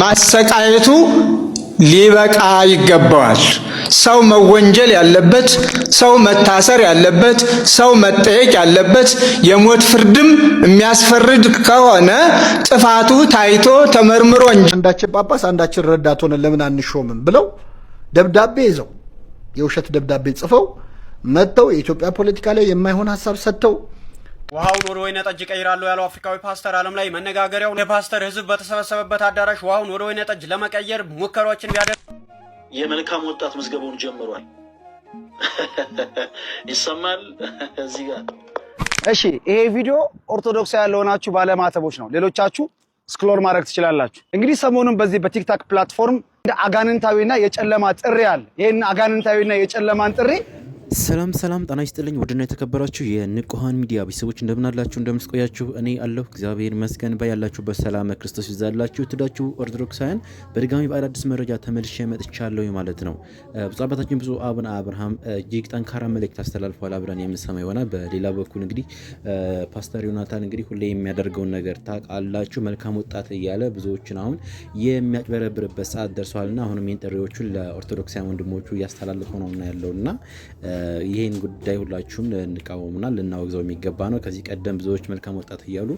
ማሰቃየቱ ሊበቃ ይገባዋል። ሰው መወንጀል ያለበት፣ ሰው መታሰር ያለበት፣ ሰው መጠየቅ ያለበት፣ የሞት ፍርድም የሚያስፈርድ ከሆነ ጥፋቱ ታይቶ ተመርምሮ እንጂ አንዳችን ጳጳስ አንዳችን ረዳት ሆነን ለምን አንሾምም ብለው ደብዳቤ ይዘው የውሸት ደብዳቤ ጽፈው መጥተው የኢትዮጵያ ፖለቲካ ላይ የማይሆን ሀሳብ ሰጥተው ውሃውን ወደ ወይነ ጠጅ ቀይራለሁ ያለው አፍሪካዊ ፓስተር ዓለም ላይ መነጋገሪያው የፓስተር ህዝብ በተሰበሰበበት አዳራሽ ውሃውን ወደ ወይነ ጠጅ ለመቀየር ሙከራዎችን ቢያደርግ የመልካም ወጣት ምዝገባውን ጀምሯል። ይሰማል እዚህ ጋር። እሺ፣ ይሄ ቪዲዮ ኦርቶዶክሳውያን ለሆናችሁ ባለማተቦች ነው። ሌሎቻችሁ ስክሎር ማድረግ ትችላላችሁ። እንግዲህ ሰሞኑን በዚህ በቲክታክ ፕላትፎርም አጋንንታዊና የጨለማ ጥሪ አለ። ይህን አጋንንታዊና የጨለማን ጥሪ ሰላም ሰላም ጤና ይስጥልኝ። ውድና የተከበራችሁ የንቁሃን ሚዲያ ቤተሰቦች እንደምናላችሁ፣ እንደምስቆያችሁ፣ እኔ አለሁ እግዚአብሔር ይመስገን። ባላችሁበት ሰላም ክርስቶስ ይዛላችሁ። ትዳችሁ ኦርቶዶክሳውያን በድጋሚ በአዳዲስ መረጃ ተመልሼ መጥቻለሁ ማለት ነው። ብፁዕ አባታችን ብፁዕ አቡነ አብርሃም እጅግ ጠንካራ መልእክት አስተላልፏል። አብረን የምንሰማ ይሆናል። በሌላ በኩል እንግዲህ ፓስተር ዮናታን እንግዲህ ሁሌ የሚያደርገውን ነገር ታውቃላችሁ፣ መልካም ወጣት እያለ ብዙዎችን አሁን የሚያጭበረብርበት ሰዓት ደርሰዋልና አሁንም ይህን ጥሪዎቹን ለኦርቶዶክሳውያን ወንድሞቹ እያስተላለፈ ነው ያለውና ይህን ጉዳይ ሁላችሁም ልንቃወምና ልናወግዘው የሚገባ ነው። ከዚህ ቀደም ብዙዎች መልካም ወጣት እያሉ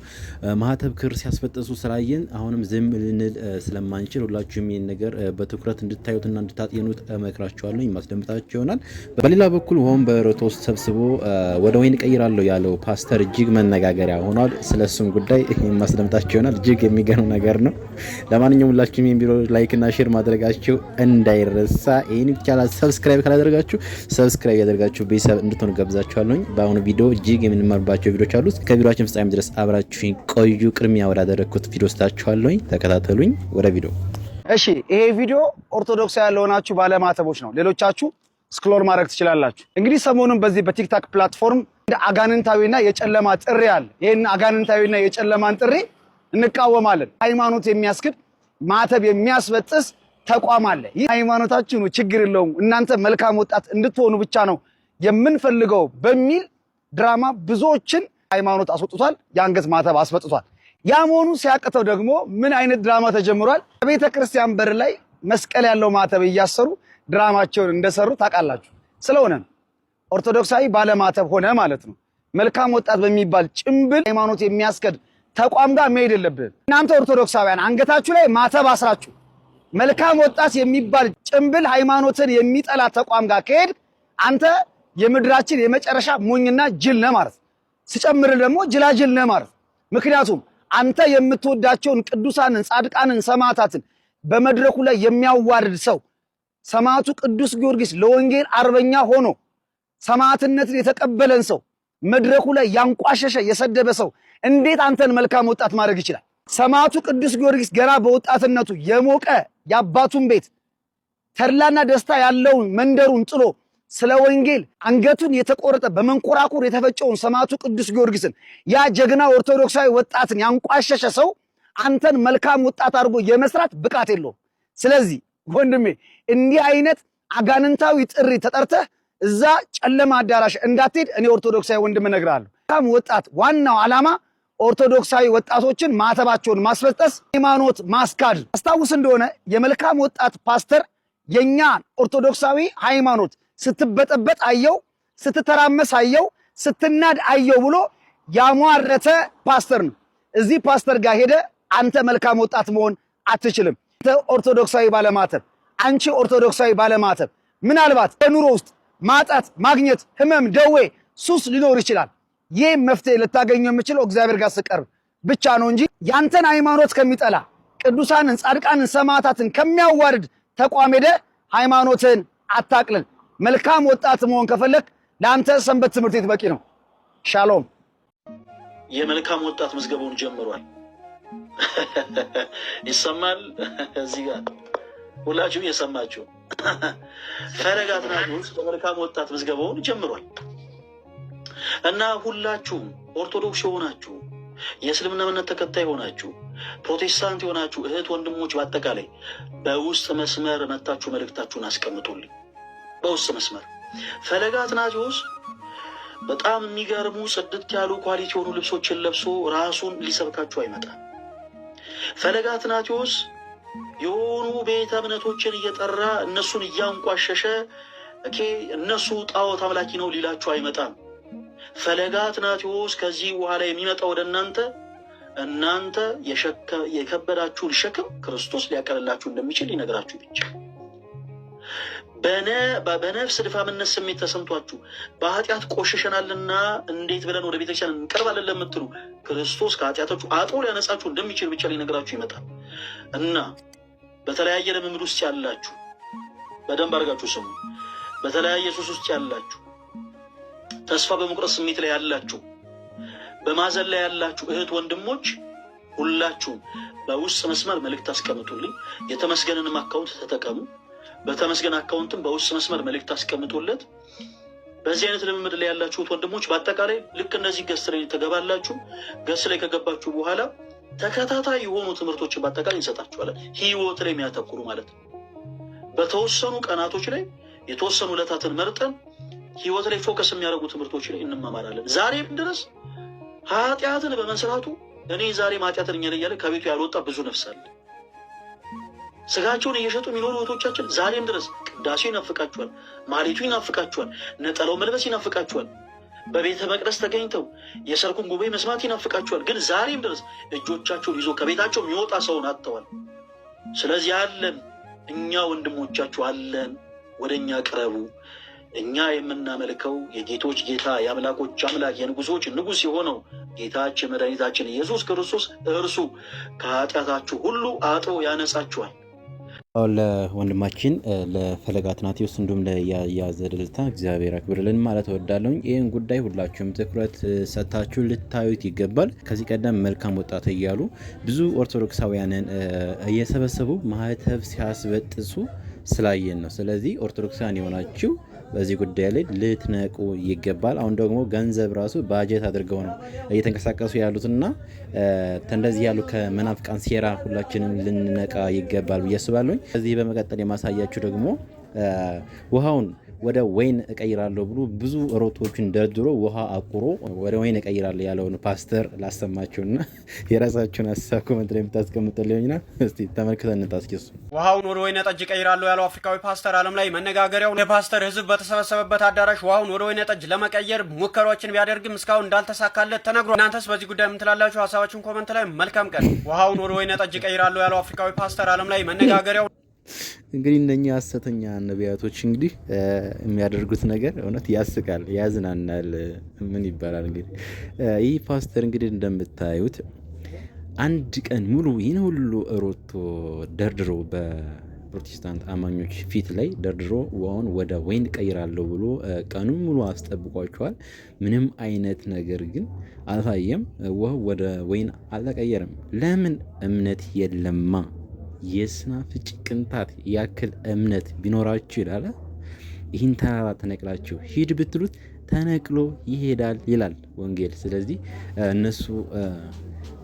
ማህተብ ክር ሲያስበጠሱ ስላየን አሁንም ዝም ልንል ስለማንችል ሁላችሁም ይህን ነገር በትኩረት እንድታዩትና እንድታጤኑት እመክራችኋለሁ። ማስደምጣቸው ይሆናል። በሌላ በኩል በረቶ ውስጥ ሰብስቦ ወደ ወይን ቀይራለሁ ያለው ፓስተር እጅግ መነጋገሪያ ሆኗል። ስለሱም ጉዳይ ማስደምጣቸው ይሆናል። እጅግ የሚገርም ነገር ነው። ለማንኛውም ሁላችሁም ቢሮ ላይክና ሼር ማድረጋቸው እንዳይረሳ። ይህን ይቻላል። ሰብስክራይብ ካላደረጋችሁ ሰብስክራይብ እያደረጋችሁ ቤተሰብ እንድትሆኑ ጋብዛችኋለሁኝ። በአሁኑ ቪዲዮ እጅግ የምንማርባቸው ቪዲዮች አሉት። ከቪዲዮችን ፍጻሜ ድረስ አብራችሁኝ ቆዩ። ቅድሚያ ወዳደረግኩት ቪዲዮ ስታችኋለሁኝ። ተከታተሉኝ። ወደ ቪዲዮ። እሺ፣ ይሄ ቪዲዮ ኦርቶዶክስ ያለሆናችሁ ባለማተቦች ነው። ሌሎቻችሁ ስክሎር ማድረግ ትችላላችሁ። እንግዲህ ሰሞኑን በዚህ በቲክታክ ፕላትፎርም እንደ አጋንንታዊና የጨለማ ጥሪ አለ። ይህን አጋንንታዊና የጨለማን ጥሪ እንቃወማለን። ሃይማኖት የሚያስክድ ማተብ የሚያስበጥስ ተቋም አለ። ይህ ሃይማኖታችሁ ነው፣ ችግር የለውም እናንተ መልካም ወጣት እንድትሆኑ ብቻ ነው የምንፈልገው በሚል ድራማ ብዙዎችን ሃይማኖት አስወጥቷል፣ የአንገት ማተብ አስመጥቷል። ያ መሆኑ ሲያቅተው ደግሞ ምን አይነት ድራማ ተጀምሯል? ከቤተክርስቲያን ክርስቲያን በር ላይ መስቀል ያለው ማተብ እያሰሩ ድራማቸውን እንደሰሩ ታውቃላችሁ። ስለሆነ ኦርቶዶክሳዊ ባለማተብ ሆነ ማለት ነው። መልካም ወጣት በሚባል ጭምብል ሃይማኖት የሚያስከድ ተቋም ጋር መሄድ የለብን። እናንተ ኦርቶዶክሳውያን አንገታችሁ ላይ ማተብ አስራችሁ መልካም ወጣት የሚባል ጭምብል ሃይማኖትን የሚጠላ ተቋም ጋር ከሄድ አንተ የምድራችን የመጨረሻ ሞኝና ጅል ነህ ማለት ስጨምር ደግሞ ጅላጅል ነህ ማለት ምክንያቱም አንተ የምትወዳቸውን ቅዱሳንን ጻድቃንን ሰማዕታትን በመድረኩ ላይ የሚያዋርድ ሰው ሰማዕቱ ቅዱስ ጊዮርጊስ ለወንጌል አርበኛ ሆኖ ሰማዕትነትን የተቀበለን ሰው መድረኩ ላይ ያንቋሸሸ የሰደበ ሰው እንዴት አንተን መልካም ወጣት ማድረግ ይችላል? ሰማዕቱ ቅዱስ ጊዮርጊስ ገና በወጣትነቱ የሞቀ የአባቱን ቤት ተድላና ደስታ ያለውን መንደሩን ጥሎ ስለ ወንጌል አንገቱን የተቆረጠ በመንኮራኩር የተፈጨውን ሰማዕቱ ቅዱስ ጊዮርጊስን ያ ጀግና ኦርቶዶክሳዊ ወጣትን ያንቋሸሸ ሰው አንተን መልካም ወጣት አድርጎ የመስራት ብቃት የለውም። ስለዚህ ወንድሜ እንዲህ አይነት አጋንንታዊ ጥሪ ተጠርተህ እዛ ጨለማ አዳራሽ እንዳትሄድ እኔ ኦርቶዶክሳዊ ወንድም እነግርሃለሁ። መልካም ወጣት ዋናው ዓላማ ኦርቶዶክሳዊ ወጣቶችን ማተባቸውን ማስበጠስ፣ ሃይማኖት ማስካድ። አስታውስ እንደሆነ የመልካም ወጣት ፓስተር የኛ ኦርቶዶክሳዊ ሃይማኖት ስትበጠበጥ አየው፣ ስትተራመስ አየው፣ ስትናድ አየው ብሎ ያሟረተ ፓስተር ነው። እዚህ ፓስተር ጋር ሄደ አንተ መልካም ወጣት መሆን አትችልም፣ አንተ ኦርቶዶክሳዊ ባለማተብ፣ አንቺ ኦርቶዶክሳዊ ባለማተብ። ምናልባት በኑሮ ውስጥ ማጣት፣ ማግኘት፣ ህመም፣ ደዌ፣ ሱስ ሊኖር ይችላል። ይህ መፍትሄ ልታገኘው የምችለው እግዚአብሔር ጋር ስቀርብ ብቻ ነው እንጂ ያንተን ሃይማኖት ከሚጠላ ቅዱሳንን፣ ጻድቃንን፣ ሰማዕታትን ከሚያዋርድ ተቋም ሄደ ሃይማኖትን አታቅልል። መልካም ወጣት መሆን ከፈለግ ለአንተ ሰንበት ትምህርት ቤት በቂ ነው። ሻሎም። የመልካም ወጣት ምዝገባውን ጀምሯል። ይሰማል። እዚህ ጋር ሁላችሁም የሰማችሁ ፈለገ ውስጥ የመልካም ወጣት መዝገበውን ጀምሯል። እና ሁላችሁም ኦርቶዶክስ የሆናችሁ የእስልምና እምነት ተከታይ የሆናችሁ ፕሮቴስታንት የሆናችሁ እህት ወንድሞች፣ በአጠቃላይ በውስጥ መስመር መታችሁ መልእክታችሁን አስቀምጡልኝ። በውስጥ መስመር ፈለገ አትናቴዎስ በጣም የሚገርሙ ጽድት ያሉ ኳሊቲ የሆኑ ልብሶችን ለብሶ ራሱን ሊሰብካችሁ አይመጣም። ፈለገ አትናቴዎስ የሆኑ ቤተ እምነቶችን እየጠራ እነሱን እያንቋሸሸ እኬ እነሱ ጣዖት አምላኪ ነው ሊላችሁ አይመጣም። ፈለገ አትናቴዎስ ከዚህ በኋላ የሚመጣ ወደ እናንተ እናንተ የከበዳችሁን ሸክም ክርስቶስ ሊያቀልላችሁ እንደሚችል ሊነግራችሁ ብቻ በነፍስ ድፋምነት ስሜት ተሰምቷችሁ በኃጢአት ቆሽሸናልና እንዴት ብለን ወደ ቤተክርስቲያን እንቀርባለን ለምትሉ ክርስቶስ ከኃጢአቶቹ አጥሮ ሊያነጻችሁ እንደሚችል ብቻ ሊነግራችሁ ይመጣል እና በተለያየ ልምምድ ውስጥ ያላችሁ በደንብ አድርጋችሁ ስሙ። በተለያየ ሱስ ውስጥ ያላችሁ ተስፋ በመቁረጥ ስሜት ላይ ያላችሁ፣ በማዘን ላይ ያላችሁ እህት ወንድሞች ሁላችሁም በውስጥ መስመር መልእክት አስቀምጡልኝ። የተመስገንንም አካውንት ተጠቀሙ። በተመስገን አካውንትም በውስጥ መስመር መልእክት አስቀምጡለት። በዚህ አይነት ልምምድ ላይ ያላችሁት ወንድሞች በአጠቃላይ ልክ እነዚህ ገስ ላይ ተገባላችሁ። ገስ ላይ ከገባችሁ በኋላ ተከታታይ የሆኑ ትምህርቶችን በአጠቃላይ እንሰጣችኋለን። ህይወት ላይ የሚያተኩሩ ማለት ነው። በተወሰኑ ቀናቶች ላይ የተወሰኑ ዕለታትን መርጠን ህይወት ላይ ፎከስ የሚያደርጉ ትምህርቶችን እንማማራለን። ዛሬም ድረስ ኃጢአትን በመስራቱ እኔ ዛሬ ኃጢአተኛ እኛ እያለ ከቤቱ ያልወጣ ብዙ ነፍስ አለ። ስጋቸውን እየሸጡ የሚኖሩ እህቶቻችን ዛሬም ድረስ ቅዳሴው ይናፍቃችኋል፣ ማሌቱ ይናፍቃቸዋል፣ ነጠላው መልበስ ይናፍቃችኋል፣ በቤተ መቅደስ ተገኝተው የሰርኩን ጉባኤ መስማት ይናፍቃችኋል። ግን ዛሬም ድረስ እጆቻቸውን ይዞ ከቤታቸው የሚወጣ ሰውን አጥተዋል። ስለዚህ አለን እኛ ወንድሞቻችሁ አለን፣ ወደ እኛ ቅረቡ። እኛ የምናመልከው የጌቶች ጌታ የአምላኮች አምላክ የንጉሶች ንጉሥ የሆነው ጌታችን መድኃኒታችን ኢየሱስ ክርስቶስ እርሱ ከኃጢአታችሁ ሁሉ አጦ ያነጻችኋል። ለወንድማችን ለፈለገ አትናቴዎስ እንዲሁም ለያዘ ድልታ እግዚአብሔር አክብርልን ማለት እወዳለሁ። ይህን ጉዳይ ሁላችሁም ትኩረት ሰጥታችሁ ልታዩት ይገባል። ከዚህ ቀደም መልካም ወጣት እያሉ ብዙ ኦርቶዶክሳውያንን እየሰበሰቡ ማህተብ ሲያስበጥሱ ስላየን ነው። ስለዚህ ኦርቶዶክሳን የሆናችሁ በዚህ ጉዳይ ላይ ልትነቁ ይገባል። አሁን ደግሞ ገንዘብ ራሱ ባጀት አድርገው ነው እየተንቀሳቀሱ ያሉትና እንደዚህ ያሉ ከመናፍቃን ሴራ ሁላችንም ልንነቃ ይገባል ብዬ አስባለሁ። ከዚህ በመቀጠል የማሳያችሁ ደግሞ ውሃውን ወደ ወይን እቀይራለሁ ብሎ ብዙ ሮቶዎችን ደርድሮ ውሃ አቁሮ ወደ ወይን እቀይራለሁ ያለውን ፓስተር ላሰማችሁና የራሳችሁን ሀሳብ ኮመንት ላይ የምታስቀምጠልኝና እስቲ ተመልክተን እንጣስኪሱ ውሃውን ወደ ወይነ ጠጅ እቀይራለሁ ያለው አፍሪካዊ ፓስተር ዓለም ላይ መነጋገሪያው የፓስተር ህዝብ በተሰበሰበበት አዳራሽ ውሃውን ወደ ወይነ ጠጅ ለመቀየር ሙከራዎችን ቢያደርግም እስካሁን እንዳልተሳካለት ተነግሮ፣ እናንተስ በዚህ ጉዳይ የምትላላችሁ ሀሳባችሁን ኮመንት ላይ መልካም ቀን። ውሃውን ወደ ወይነ ጠጅ እቀይራለሁ ያለው አፍሪካዊ ፓስተር ዓለም ላይ መነጋገሪያው እንግዲህ እነኚህ አሰተኛ ነቢያቶች እንግዲህ የሚያደርጉት ነገር እውነት ያስቃል፣ ያዝናናል። ምን ይባላል እንግዲህ ይህ ፓስተር እንግዲህ እንደምታዩት አንድ ቀን ሙሉ ይህን ሁሉ ሮቶ ደርድሮ በፕሮቴስታንት አማኞች ፊት ላይ ደርድሮ ውሃውን ወደ ወይን ቀይራለሁ ብሎ ቀኑን ሙሉ አስጠብቋቸዋል። ምንም አይነት ነገር ግን አልታየም። ውሃው ወደ ወይን አልተቀየረም። ለምን? እምነት የለማ የስናፍጭ ቅንጣት ያክል እምነት ቢኖራችሁ ይላል፣ ይህን ተራራ ተነቅላችሁ ሂድ ብትሉት ተነቅሎ ይሄዳል ይላል ወንጌል። ስለዚህ እነሱ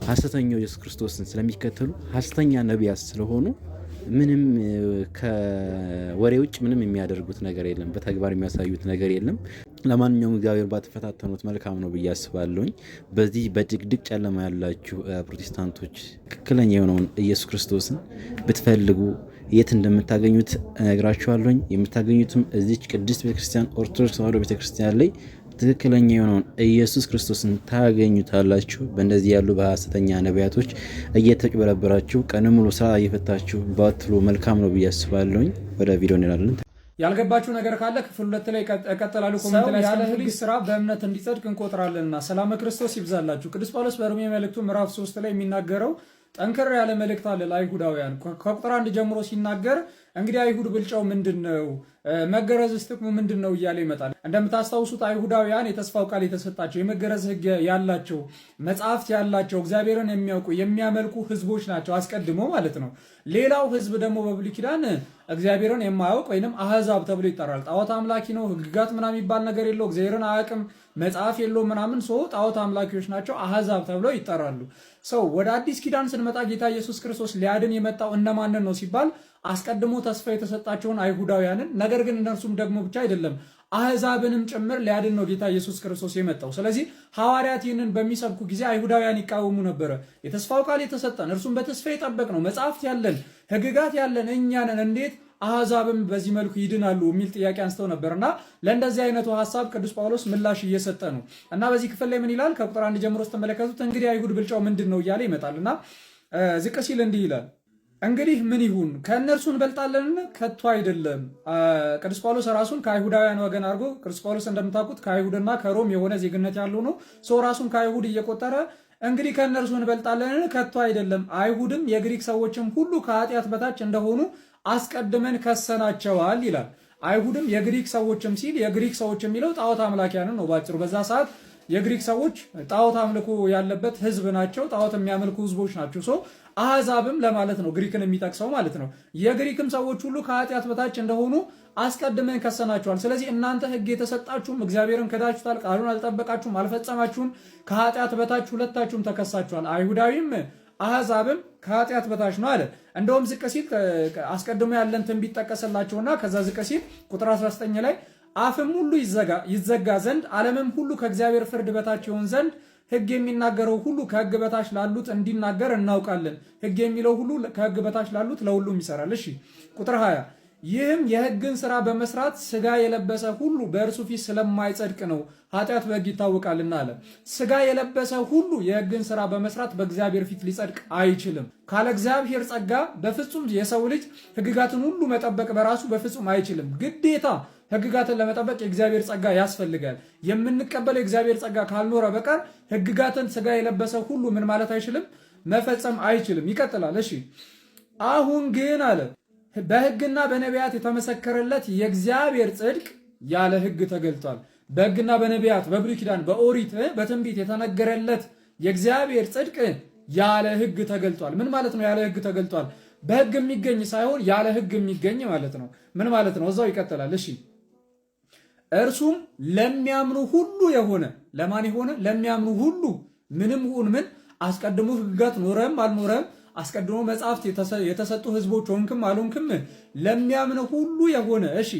ሐሰተኛው ኢየሱስ ክርስቶስን ስለሚከተሉ ሐሰተኛ ነቢያት ስለሆኑ ምንም ከወሬ ውጭ ምንም የሚያደርጉት ነገር የለም፣ በተግባር የሚያሳዩት ነገር የለም። ለማንኛውም እግዚአብሔር ባትፈታተኑት መልካም ነው ብዬ አስባለሁኝ። በዚህ በድቅድቅ ጨለማ ያላችሁ ፕሮቴስታንቶች ትክክለኛ የሆነውን ኢየሱስ ክርስቶስን ብትፈልጉ የት እንደምታገኙት እነግራችኋለሁኝ። የምታገኙትም እዚች ቅድስት ቤተክርስቲያን ኦርቶዶክስ ተዋሕዶ ቤተክርስቲያን ላይ ትክክለኛ የሆነውን ኢየሱስ ክርስቶስን ታገኙታላችሁ። በእንደዚህ ያሉ በሐሰተኛ ነቢያቶች እየተጭበረበራችሁ ቀን ሙሉ ስራ እየፈታችሁ ባትሉ መልካም ነው ብዬ አስባለሁኝ። ወደ ቪዲዮ እንላለን። ያልገባችሁ ነገር ካለ ክፍል ሁለት ላይ እቀጥላለሁ። ኮሜንት ላይ ያለ ሕግ ስራ በእምነት እንዲጸድቅ እንቆጥራለንና ሰላም ክርስቶስ ይብዛላችሁ። ቅዱስ ጳውሎስ በሮሜ መልእክቱ ምዕራፍ ሶስት ላይ የሚናገረው ጠንከር ያለ መልእክት አለ ለአይሁዳውያን ከቁጥር አንድ ጀምሮ ሲናገር እንግዲህ አይሁድ ብልጫው ምንድን ነው? መገረዝስ ጥቅሙ ምንድን ነው? እያለ ይመጣል። እንደምታስታውሱት አይሁዳውያን የተስፋው ቃል የተሰጣቸው የመገረዝ ሕግ ያላቸው መጽሐፍት ያላቸው እግዚአብሔርን የሚያውቁ የሚያመልኩ ሕዝቦች ናቸው አስቀድሞ ማለት ነው። ሌላው ሕዝብ ደግሞ በብሉይ ኪዳን እግዚአብሔርን የማያውቅ ወይንም አህዛብ ተብሎ ይጠራል። ጣዖት አምላኪ ነው። ሕግጋት ምናምን የሚባል ነገር የለው። እግዚአብሔርን አያውቅም መጽሐፍ የለውም ምናምን ሰው ጣዖት አምላኪዎች ናቸው አህዛብ ተብለው ይጠራሉ። ሰው ወደ አዲስ ኪዳን ስንመጣ ጌታ ኢየሱስ ክርስቶስ ሊያድን የመጣው እነማንን ነው ሲባል አስቀድሞ ተስፋ የተሰጣቸውን አይሁዳውያንን፣ ነገር ግን እነርሱም ደግሞ ብቻ አይደለም አህዛብንም ጭምር ሊያድን ነው ጌታ ኢየሱስ ክርስቶስ የመጣው። ስለዚህ ሐዋርያት ይህንን በሚሰብኩ ጊዜ አይሁዳውያን ይቃወሙ ነበረ። የተስፋው ቃል የተሰጠን እርሱም በተስፋ የጠበቅ ነው መጽሐፍት ያለን ህግጋት ያለን እኛንን እንዴት አሕዛብም በዚህ መልኩ ይድናሉ የሚል ጥያቄ አንስተው ነበር እና ለእንደዚህ አይነቱ ሀሳብ ቅዱስ ጳውሎስ ምላሽ እየሰጠ ነው እና በዚህ ክፍል ላይ ምን ይላል? ከቁጥር አንድ ጀምሮ ስትመለከቱት እንግዲህ አይሁድ ብልጫው ምንድን ነው እያለ ይመጣል እና ዝቅ ሲል እንዲህ ይላል እንግዲህ ምን ይሁን? ከእነርሱ እንበልጣለንን? ከቶ አይደለም። ቅዱስ ጳውሎስ ራሱን ከአይሁዳውያን ወገን አድርጎ ቅዱስ ጳውሎስ እንደምታውቁት ከአይሁድና ከሮም የሆነ ዜግነት ያለው ነው። ሰው ራሱን ከአይሁድ እየቆጠረ እንግዲህ ከእነርሱ እንበልጣለንን? ከቶ አይደለም። አይሁድም የግሪክ ሰዎችም ሁሉ ከኃጢአት በታች እንደሆኑ አስቀድመን ከሰናቸዋል ይላል። አይሁድም የግሪክ ሰዎችም ሲል የግሪክ ሰዎች የሚለው ጣዖት አምላኪያንን ነው ባጭሩ። በዛ ሰዓት የግሪክ ሰዎች ጣዖት አምልኮ ያለበት ህዝብ ናቸው። ጣዖት የሚያመልኩ ህዝቦች ናቸው። ሶ አህዛብም ለማለት ነው ግሪክን የሚጠቅሰው ማለት ነው። የግሪክም ሰዎች ሁሉ ከኃጢአት በታች እንደሆኑ አስቀድመን ከሰናቸዋል። ስለዚህ እናንተ ህግ የተሰጣችሁም እግዚአብሔርን ክዳችሁታል፣ ቃሉን አልጠበቃችሁም፣ አልፈጸማችሁም፣ ከኃጢአት በታች ሁለታችሁም ተከሳችኋል። አይሁዳዊም አሕዛብም ከኃጢአት በታች ነው አለ። እንደውም ዝቅ ሲል አስቀድሞ ያለን ትንቢት ቢጠቀስላቸውና ከዛ ዝቅ ሲል ቁጥር 19 ላይ አፍም ሁሉ ይዘጋ ዘንድ ዓለምም ሁሉ ከእግዚአብሔር ፍርድ በታች ይሆን ዘንድ ሕግ የሚናገረው ሁሉ ከሕግ በታች ላሉት እንዲናገር እናውቃለን። ሕግ የሚለው ሁሉ ከሕግ በታች ላሉት ለሁሉም ይሰራል። እሺ ቁጥር 20 ይህም የሕግን ሥራ በመስራት ሥጋ የለበሰ ሁሉ በእርሱ ፊት ስለማይጸድቅ ነው፣ ኃጢአት በሕግ ይታወቃልና አለ። ሥጋ የለበሰ ሁሉ የሕግን ሥራ በመስራት በእግዚአብሔር ፊት ሊጸድቅ አይችልም። ካለ እግዚአብሔር ጸጋ በፍጹም የሰው ልጅ ሕግጋትን ሁሉ መጠበቅ በራሱ በፍጹም አይችልም። ግዴታ ሕግጋትን ለመጠበቅ የእግዚአብሔር ጸጋ ያስፈልጋል። የምንቀበለው የእግዚአብሔር ጸጋ ካልኖረ በቀር ሕግጋትን ሥጋ የለበሰ ሁሉ ምን ማለት አይችልም፣ መፈጸም አይችልም። ይቀጥላል። እሺ አሁን ግን አለ በሕግና በነቢያት የተመሰከረለት የእግዚአብሔር ጽድቅ ያለ ሕግ ተገልጧል። በሕግና በነቢያት በብሉይ ኪዳን በኦሪት በትንቢት የተነገረለት የእግዚአብሔር ጽድቅ ያለ ሕግ ተገልጧል። ምን ማለት ነው? ያለ ሕግ ተገልጧል። በሕግ የሚገኝ ሳይሆን ያለ ሕግ የሚገኝ ማለት ነው። ምን ማለት ነው? እዛው ይቀጥላል። እሺ እርሱም ለሚያምኑ ሁሉ የሆነ ለማን የሆነ? ለሚያምኑ ሁሉ ምንም ሁን ምን አስቀድሞ ሕግጋት ኖረም አልኖረም አስቀድሞ መጽሐፍት የተሰጡ ህዝቦች ሆንክም አልሆንክም ለሚያምን ሁሉ የሆነ እሺ፣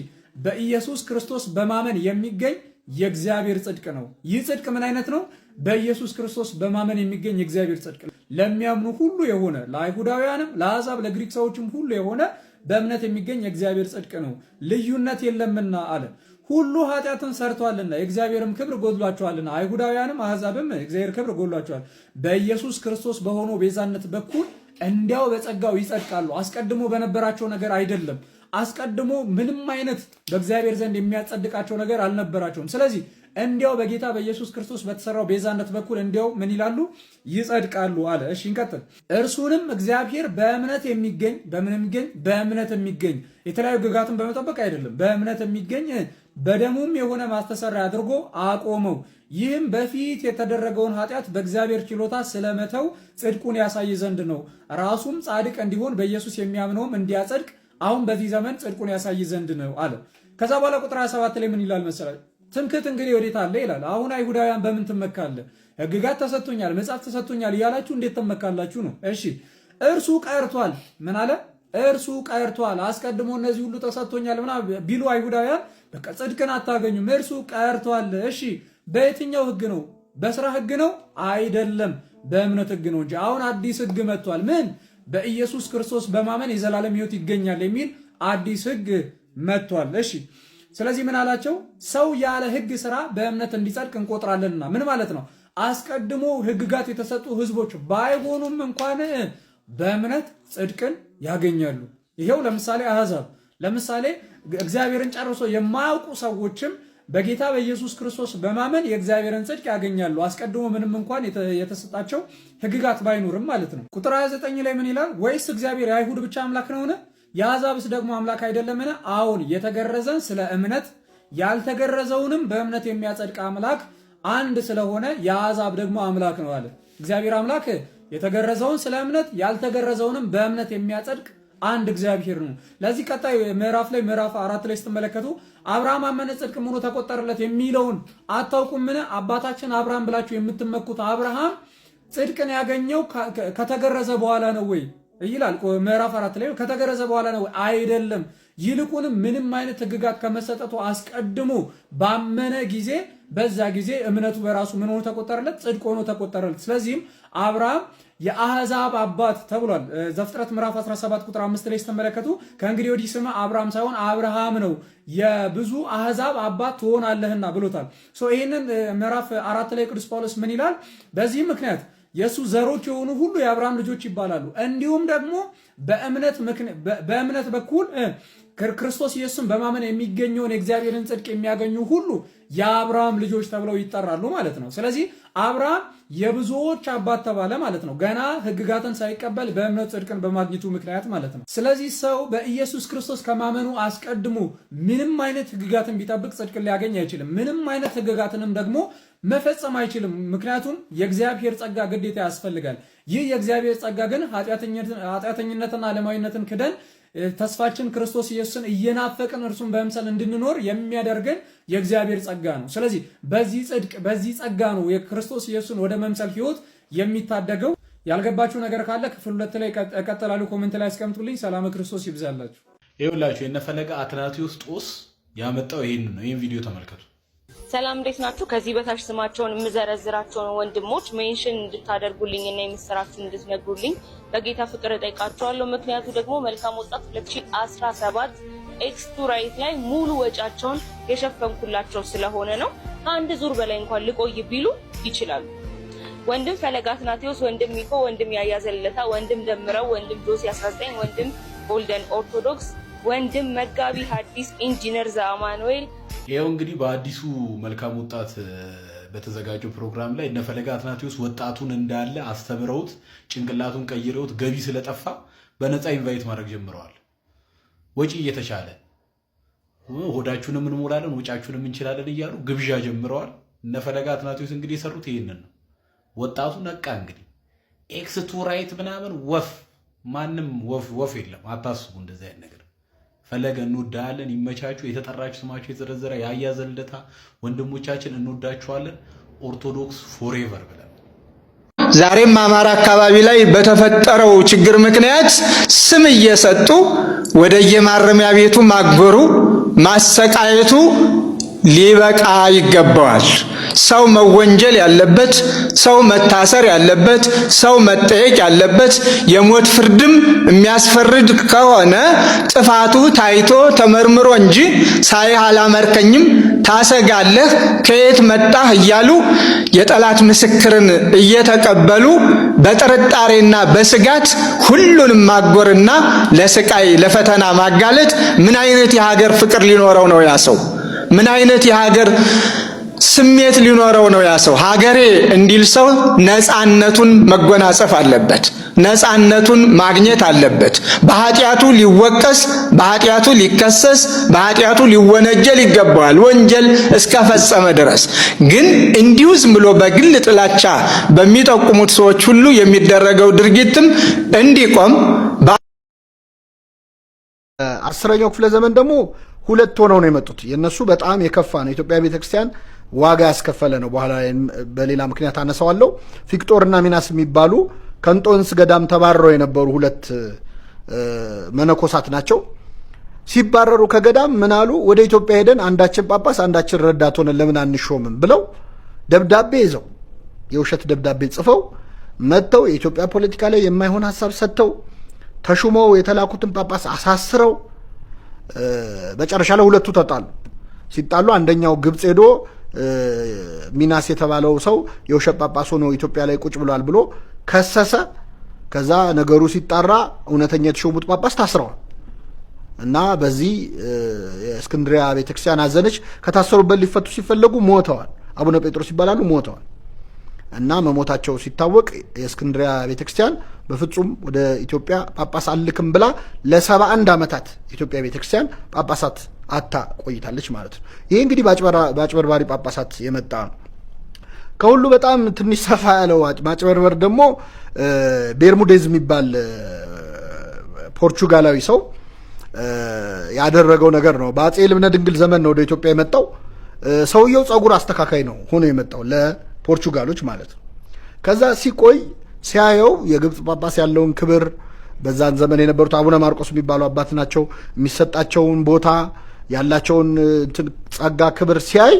በኢየሱስ ክርስቶስ በማመን የሚገኝ የእግዚአብሔር ጽድቅ ነው። ይህ ጽድቅ ምን አይነት ነው? በኢየሱስ ክርስቶስ በማመን የሚገኝ የእግዚአብሔር ጽድቅ ነው። ለሚያምኑ ሁሉ የሆነ ለአይሁዳውያንም፣ ለአሕዛብ፣ ለግሪክ ሰዎችም ሁሉ የሆነ በእምነት የሚገኝ የእግዚአብሔር ጽድቅ ነው። ልዩነት የለምና አለ። ሁሉ ኃጢአትን ሰርቷልና የእግዚአብሔርም ክብር ጎድሏቸዋልና፣ አይሁዳውያንም አሕዛብም የእግዚአብሔር ክብር ጎድሏቸዋል። በኢየሱስ ክርስቶስ በሆነው ቤዛነት በኩል እንዲያው በጸጋው ይጸድቃሉ። አስቀድሞ በነበራቸው ነገር አይደለም። አስቀድሞ ምንም አይነት በእግዚአብሔር ዘንድ የሚያጸድቃቸው ነገር አልነበራቸውም። ስለዚህ እንዲያው በጌታ በኢየሱስ ክርስቶስ በተሰራው ቤዛነት በኩል እንዲያው ምን ይላሉ? ይጸድቃሉ አለ። እሺ እንቀጥል። እርሱንም እግዚአብሔር በእምነት የሚገኝ በምንም የሚገኝ በእምነት የሚገኝ የተለያዩ ግጋትን በመጠበቅ አይደለም፣ በእምነት የሚገኝ በደሙም የሆነ ማስተሰሪያ አድርጎ አቆመው። ይህም በፊት የተደረገውን ኃጢአት በእግዚአብሔር ችሎታ ስለመተው ጽድቁን ያሳይ ዘንድ ነው። ራሱም ጻድቅ እንዲሆን በኢየሱስ የሚያምነውም እንዲያጸድቅ አሁን በዚህ ዘመን ጽድቁን ያሳይ ዘንድ ነው አለ። ከዛ በኋላ ቁጥር 27 ላይ ምን ይላል መሰላል? ትምክት እንግዲህ ወዴት አለ ይላል። አሁን አይሁዳውያን በምን ትመካለ? ሕግጋት ተሰጥቶኛል፣ መጽሐፍ ተሰጥቶኛል እያላችሁ እንዴት ትመካላችሁ ነው። እሺ እርሱ ቀርቷል። ምን አለ? እርሱ ቀርቷል። አስቀድሞ እነዚህ ሁሉ ተሰጥቶኛል ምናምን ቢሉ አይሁዳውያን በቃ ጽድቅን አታገኙም፣ እርሱ ቀርቷል። እሺ በየትኛው ህግ ነው? በስራ ህግ ነው አይደለም፣ በእምነት ህግ ነው እንጂ አሁን አዲስ ህግ መጥቷል። ምን? በኢየሱስ ክርስቶስ በማመን የዘላለም ህይወት ይገኛል የሚል አዲስ ህግ መጥቷል። እሺ ስለዚህ ምን አላቸው? ሰው ያለ ህግ ስራ በእምነት እንዲጸድቅ እንቆጥራለንና ምን ማለት ነው? አስቀድሞ ህግጋት የተሰጡ ህዝቦች ባይሆኑም እንኳን በእምነት ጽድቅን ያገኛሉ። ይሄው ለምሳሌ አሕዛብ ለምሳሌ እግዚአብሔርን ጨርሶ የማያውቁ ሰዎችም በጌታ በኢየሱስ ክርስቶስ በማመን የእግዚአብሔርን ጽድቅ ያገኛሉ። አስቀድሞ ምንም እንኳን የተሰጣቸው ሕግጋት ባይኖርም ማለት ነው። ቁጥር 29 ላይ ምን ይላል? ወይስ እግዚአብሔር የአይሁድ ብቻ አምላክ ነውን? የአሕዛብስ ደግሞ አምላክ አይደለምን? አሁን የተገረዘን ስለ እምነት ያልተገረዘውንም በእምነት የሚያጸድቅ አምላክ አንድ ስለሆነ የአሕዛብ ደግሞ አምላክ ነው አለ። እግዚአብሔር አምላክ የተገረዘውን ስለ እምነት ያልተገረዘውንም በእምነት የሚያጸድቅ አንድ እግዚአብሔር ነው። ለዚህ ቀጣይ ምዕራፍ ላይ ምዕራፍ አራት ላይ ስትመለከቱ አብርሃም አመነ ጽድቅም ሆኖ ተቆጠረለት የሚለውን አታውቁም ምን አባታችን አብርሃም ብላችሁ የምትመኩት አብርሃም ጽድቅን ያገኘው ከተገረዘ በኋላ ነው ወይ ይላል ምዕራፍ አራት ላይ ከተገረዘ በኋላ ነው አይደለም። ይልቁንም ምንም አይነት ህግጋት ከመሰጠቱ አስቀድሞ ባመነ ጊዜ በዛ ጊዜ እምነቱ በራሱ ምን ሆኖ ተቆጠረለት? ጽድቅ ሆኖ ተቆጠረለት። ስለዚህም አብርሃም የአህዛብ አባት ተብሏል። ዘፍጥረት ምዕራፍ 17 ቁጥር 5 ላይ ስትመለከቱ ከእንግዲህ ወዲህ ስም አብርሃም ሳይሆን አብርሃም ነው የብዙ አህዛብ አባት ትሆናለህና ብሎታል። ይህንን ምዕራፍ አራት ላይ ቅዱስ ጳውሎስ ምን ይላል? በዚህም ምክንያት የእሱ ዘሮች የሆኑ ሁሉ የአብርሃም ልጆች ይባላሉ። እንዲሁም ደግሞ በእምነት በኩል ክርስቶስ ኢየሱስን በማመን የሚገኘውን የእግዚአብሔርን ጽድቅ የሚያገኙ ሁሉ የአብርሃም ልጆች ተብለው ይጠራሉ ማለት ነው። ስለዚህ አብርሃም የብዙዎች አባት ተባለ ማለት ነው። ገና ሕግጋትን ሳይቀበል በእምነት ጽድቅን በማግኘቱ ምክንያት ማለት ነው። ስለዚህ ሰው በኢየሱስ ክርስቶስ ከማመኑ አስቀድሞ ምንም አይነት ሕግጋትን ቢጠብቅ ጽድቅን ሊያገኝ አይችልም። ምንም አይነት ሕግጋትንም ደግሞ መፈጸም አይችልም። ምክንያቱም የእግዚአብሔር ጸጋ ግዴታ ያስፈልጋል። ይህ የእግዚአብሔር ጸጋ ግን ኃጢአተኝነትና ዓለማዊነትን ክደን ተስፋችን ክርስቶስ ኢየሱስን እየናፈቅን እርሱን በምሳል እንድንኖር የሚያደርገን የእግዚአብሔር ጸጋ ነው። ስለዚህ በዚህ ጽድቅ በዚህ ጸጋ ነው የክርስቶስ ኢየሱስን ወደ መምሰል ህይወት የሚታደገው። ያልገባችሁ ነገር ካለ ክፍል ሁለት ላይ እቀጥላሉ። ኮሜንት ላይ አስቀምጡልኝ። ሰላም ክርስቶስ ይብዛላችሁ። ይኸውላችሁ የነፈለገ አትናቴዎስ ጦስ ያመጣው ይህን ነው። ይህን ቪዲዮ ተመልከቱ። ሰላም እንዴት ናችሁ? ከዚህ በታች ስማቸውን የምዘረዝራቸውን ወንድሞች ሜንሽን እንድታደርጉልኝ እና የምስራችሁን እንድትነግሩልኝ በጌታ ፍቅር እጠይቃቸዋለሁ። ምክንያቱ ደግሞ መልካም ወጣት 2017 ኤክስቱራይት ላይ ሙሉ ወጫቸውን የሸፈንኩላቸው ስለሆነ ነው። ከአንድ ዙር በላይ እንኳን ልቆይ ቢሉ ይችላሉ። ወንድም ፈለጋት ናቴዎስ፣ ወንድም ሚኮ፣ ወንድም ያያዘለታ፣ ወንድም ደምረው፣ ወንድም ጆሲ 19፣ ወንድም ጎልደን ኦርቶዶክስ፣ ወንድም መጋቢ ሐዲስ ኢንጂነር ዘአማኑኤል ይኸው እንግዲህ በአዲሱ መልካም ወጣት በተዘጋጀው ፕሮግራም ላይ እነፈለገ አትናቴዎስ ወጣቱን እንዳለ አስተምረውት ጭንቅላቱን ቀይረውት ገቢ ስለጠፋ በነፃ ኢንቫይት ማድረግ ጀምረዋል። ወጪ እየተቻለ ሆዳችሁንም እንሞላለን ወጫችሁንም እንችላለን እያሉ ግብዣ ጀምረዋል። እነፈለገ አትናቴዎስ እንግዲህ የሰሩት ይህንን ነው። ወጣቱ ነቃ። እንግዲህ ኤክስ ቱ ራይት ምናምን ወፍ ማንም ወፍ ወፍ የለም። አታስቡ እንደዚህ አይነት ነገር ፈለገ እንወዳለን። ይመቻችሁ። የተጠራችሁ ስማችሁ የተዘረዘረ ያያ ዘልደታ ወንድሞቻችን እንወዳችኋለን። ኦርቶዶክስ ፎሬቨር ብለን ዛሬም አማራ አካባቢ ላይ በተፈጠረው ችግር ምክንያት ስም እየሰጡ ወደ የማረሚያ ቤቱ ማግበሩ ማሰቃየቱ ሊበቃ ይገባዋል። ሰው መወንጀል ያለበት፣ ሰው መታሰር ያለበት፣ ሰው መጠየቅ ያለበት፣ የሞት ፍርድም የሚያስፈርድ ከሆነ ጥፋቱ ታይቶ ተመርምሮ እንጂ ሳይህ አላመርከኝም፣ ታሰጋለህ፣ ከየት መጣህ እያሉ የጠላት ምስክርን እየተቀበሉ በጥርጣሬና በስጋት ሁሉንም ማጎርና ለስቃይ ለፈተና ማጋለጥ ምን አይነት የሀገር ፍቅር ሊኖረው ነው ያ ሰው? ምን አይነት የሀገር ስሜት ሊኖረው ነው ያ ሰው? ሀገሬ እንዲል ሰው ነፃነቱን መጎናጸፍ አለበት። ነፃነቱን ማግኘት አለበት። በኃጢአቱ ሊወቀስ፣ በኃጢአቱ ሊከሰስ፣ በኃጢአቱ ሊወነጀል ይገባዋል ወንጀል እስከፈጸመ ድረስ። ግን እንዲሁ ዝም ብሎ በግል ጥላቻ በሚጠቁሙት ሰዎች ሁሉ የሚደረገው ድርጊትም እንዲቆም በአስረኛው ክፍለ ዘመን ደግሞ ሁለት ሆነው ነው የመጡት። የእነሱ በጣም የከፋ ነው። የኢትዮጵያ ቤተክርስቲያን ዋጋ ያስከፈለ ነው። በኋላ በሌላ ምክንያት አነሳዋለሁ። ፊቅጦርና ሚናስ የሚባሉ ከንጦንስ ገዳም ተባረው የነበሩ ሁለት መነኮሳት ናቸው። ሲባረሩ ከገዳም ምናሉ ወደ ኢትዮጵያ ሄደን አንዳችን ጳጳስ አንዳችን ረዳት ሆነን ለምን አንሾምም ብለው ደብዳቤ ይዘው የውሸት ደብዳቤ ጽፈው መጥተው የኢትዮጵያ ፖለቲካ ላይ የማይሆን ሀሳብ ሰጥተው ተሹመው የተላኩትን ጳጳስ አሳስረው መጨረሻ ላይ ሁለቱ ተጣሉ። ሲጣሉ አንደኛው ግብፅ ሄዶ ሚናስ የተባለው ሰው የውሸት ጳጳስ ሆኖ ኢትዮጵያ ላይ ቁጭ ብሏል ብሎ ከሰሰ። ከዛ ነገሩ ሲጣራ እውነተኛ የተሾሙት ጳጳስ ታስረዋል እና በዚህ የእስክንድሪያ ቤተክርስቲያን አዘነች። ከታሰሩበት ሊፈቱ ሲፈለጉ ሞተዋል። አቡነ ጴጥሮስ ይባላሉ ሞተዋል። እና መሞታቸው ሲታወቅ የእስክንድሪያ ቤተክርስቲያን በፍጹም ወደ ኢትዮጵያ ጳጳስ አልክም ብላ ለሰባ አንድ ዓመታት ኢትዮጵያ ቤተክርስቲያን ጳጳሳት አታ ቆይታለች ማለት ነው። ይሄ እንግዲህ በአጭበርባሪ ጳጳሳት የመጣ ነው። ከሁሉ በጣም ትንሽ ሰፋ ያለው ማጭበርበር ደግሞ ቤርሙዴዝ የሚባል ፖርቹጋላዊ ሰው ያደረገው ነገር ነው። በአጼ ልብነ ድንግል ዘመን ነው ወደ ኢትዮጵያ የመጣው። ሰውየው ጸጉር አስተካካይ ነው ሆኖ የመጣው ለ ፖርቹጋሎች ማለት ነው። ከዛ ሲቆይ ሲያየው የግብፅ ጳጳስ ያለውን ክብር በዛን ዘመን የነበሩት አቡነ ማርቆስ የሚባሉ አባት ናቸው። የሚሰጣቸውን ቦታ ያላቸውን ጸጋ፣ ክብር ሲያይ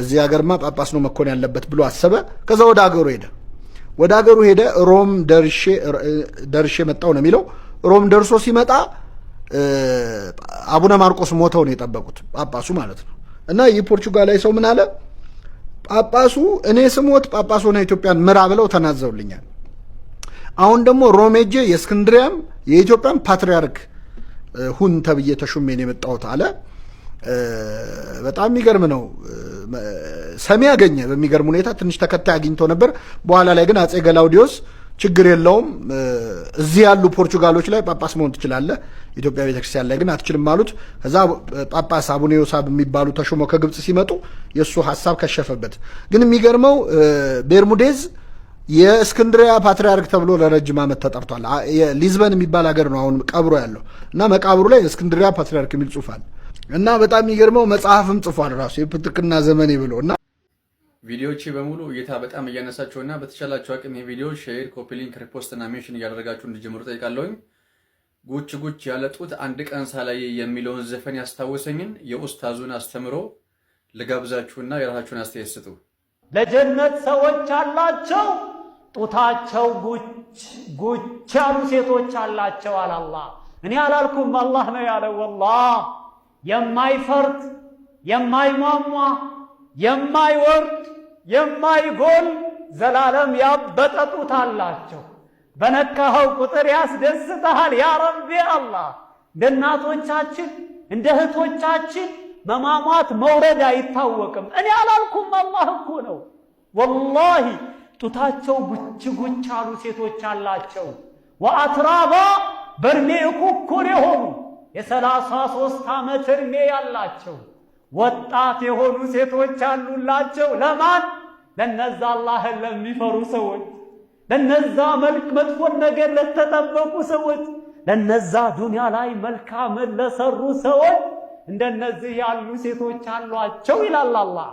እዚህ ሀገርማ ጳጳስ ነው መኮን ያለበት ብሎ አሰበ። ከዛ ወደ ሀገሩ ሄደ። ወደ ሀገሩ ሄደ። ሮም ደርሼ መጣው ነው የሚለው። ሮም ደርሶ ሲመጣ አቡነ ማርቆስ ሞተው ነው የጠበቁት ጳጳሱ ማለት ነው። እና ይህ ፖርቹጋላዊ ሰው ምን አለ? ጳጳሱ እኔ ስሞት ጳጳስ ሆነ ኢትዮጵያን ምራ ብለው ተናዘውልኛል። አሁን ደግሞ ሮሜጄ የእስክንድሪያም የኢትዮጵያን ፓትሪያርክ ሁን ተብዬ ተሹሜን የመጣሁት አለ። በጣም የሚገርም ነው። ሰሚ ያገኘ በሚገርም ሁኔታ ትንሽ ተከታይ አግኝቶ ነበር። በኋላ ላይ ግን አጼ ገላውዲዮስ ችግር የለውም። እዚህ ያሉ ፖርቹጋሎች ላይ ጳጳስ መሆን ትችላለህ፣ ኢትዮጵያ ቤተክርስቲያን ላይ ግን አትችልም አሉት። ከዛ ጳጳስ አቡነ ዮሳብ የሚባሉ ተሾመው ከግብፅ ሲመጡ የእሱ ሀሳብ ከሸፈበት። ግን የሚገርመው ቤርሙዴዝ የእስክንድሪያ ፓትሪያርክ ተብሎ ለረጅም ዓመት ተጠርቷል። ሊዝበን የሚባል ሀገር ነው አሁን ቀብሮ ያለው እና መቃብሩ ላይ እስክንድሪያ ፓትሪያርክ የሚል ጽሑፍ አለ እና በጣም የሚገርመው መጽሐፍም ጽፏል ራሱ የፕትርክና ዘመኔ ብሎ እና ቪዲዮዎች በሙሉ እይታ በጣም እያነሳቸው እና በተቻላቸው አቅም ይህ ቪዲዮ ሼር፣ ኮፒ ሊንክ፣ ሪፖስት እና ሜንሽን እያደረጋችሁ እንዲጀምሩ ጠይቃለሁኝ። ጉች ጉች ያለ ጡት አንድ ቀን ሳላየ የሚለውን ዘፈን ያስታወሰኝን የኡስታዙን አስተምሮ ልጋብዛችሁና የራሳችሁን አስተያየት ስጡ። ለጀነት ሰዎች አላቸው ጡታቸው ጉች ጉች ያሉ ሴቶች አላቸው አላላ። እኔ አላልኩም፣ አላህ ነው ያለው። ወላሂ የማይፈርጥ የማይሟሟ የማይወርድ የማይጎል ዘላለም ያበጠ ጡት አላቸው። በነካኸው ቁጥር ያስደስተሃል። ያ ረቢ አላህ እንደ እናቶቻችን እንደ እህቶቻችን መማሟት መውረድ አይታወቅም። እኔ አላልኩም፣ አላህ እኮ ነው። ወላሂ ጡታቸው ጉች ጉች አሉ ሴቶች አላቸው። ወአትራባ በእድሜ እኩኩር የሆኑ የሰላሳ ሦስት ዓመት እድሜ ያላቸው ወጣት የሆኑ ሴቶች አሉላቸው። ለማን? ለነዛ አላህን ለሚፈሩ ሰዎች፣ ለነዛ መልክ መጥፎን ነገር ለተጠበቁ ሰዎች፣ ለነዛ ዱንያ ላይ መልካምን ለሰሩ ሰዎች እንደነዚህ ያሉ ሴቶች አሏቸው ይላል አላህ።